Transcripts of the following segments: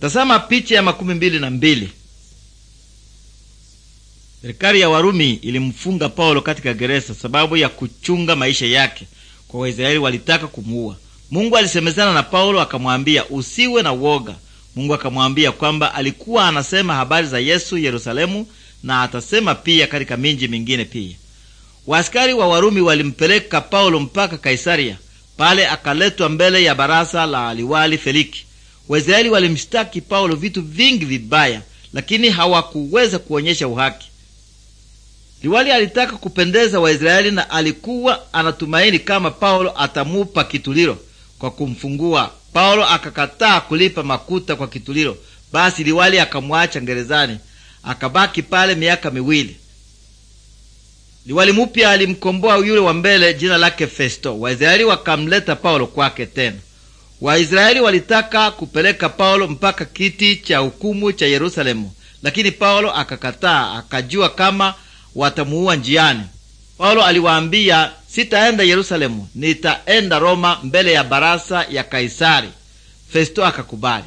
Tazama picha ya makumi mbili na mbili. Serikali ya Warumi ilimfunga Paulo katika gereza sababu ya kuchunga maisha yake kwa Waisraeli walitaka kumuua. Mungu alisemezana na Paulo akamwambia, usiwe na woga. Mungu akamwambia kwamba alikuwa anasema habari za Yesu Yerusalemu, na atasema pia katika minji mingine pia. Waaskari wa Warumi walimpeleka Paulo mpaka Kaisaria. Pale akaletwa mbele ya baraza la aliwali Feliki. Waisraeli walimshtaki Paulo vitu vingi vibaya, lakini hawakuweza kuonyesha uhaki. Liwali alitaka kupendeza Waisraeli na alikuwa anatumaini kama Paulo atamupa kitulilo kwa kumfungua. Paulo akakataa kulipa makuta kwa kitulilo. Basi liwali akamwacha gerezani, akabaki pale miaka miwili. Liwali mupya alimkomboa yule wa mbele, jina lake Festo. Waisraeli wakamleta Paulo kwake tena. Waisraeli walitaka kupeleka Paulo mpaka kiti cha hukumu cha Yerusalemu, lakini Paulo akakataa, akajua kama watamuua njiani. Paulo aliwaambia, sitaenda Yerusalemu, nitaenda Roma mbele ya barasa ya Kaisari. Festo akakubali.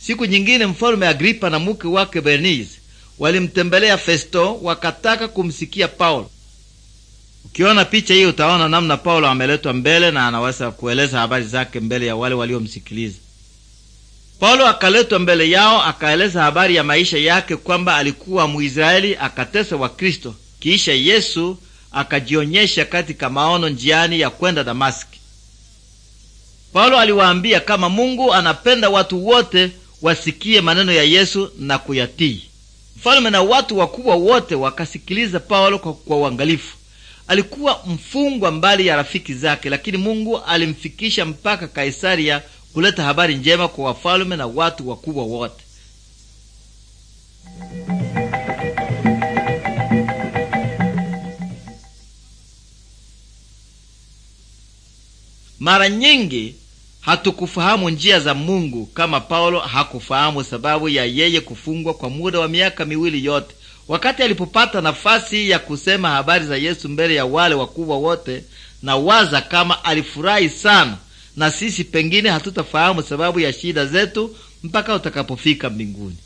Siku nyingine mfalume Agripa na mke wake Bernice walimtembelea Festo, wakataka kumsikia Paulo. Ukiona picha hiyo utaona namna Paulo ameletwa mbele na anaweza kueleza habari zake mbele ya wale waliomsikiliza. Paulo akaletwa mbele yao, akaeleza habari ya maisha yake kwamba alikuwa Mwisraeli, akatesa wa Kristo. Kisha Yesu akajionyesha katika maono njiani ya kwenda Damaski. Paulo aliwaambia kama Mungu anapenda watu wote wasikie maneno ya Yesu na kuyatii. Mfalme na watu wakubwa wote wakasikiliza Paulo kwa uangalifu alikuwa mfungwa mbali ya rafiki zake, lakini Mungu alimfikisha mpaka Kaisaria kuleta habari njema kwa wafalume na watu wakubwa wote. Mara nyingi hatukufahamu njia za Mungu kama Paulo hakufahamu sababu ya yeye kufungwa kwa muda wa miaka miwili yote. Wakati alipopata nafasi ya kusema habari za Yesu mbele ya wale wakubwa wote, na waza kama alifurahi sana. Na sisi pengine hatutafahamu sababu ya shida zetu mpaka utakapofika mbinguni.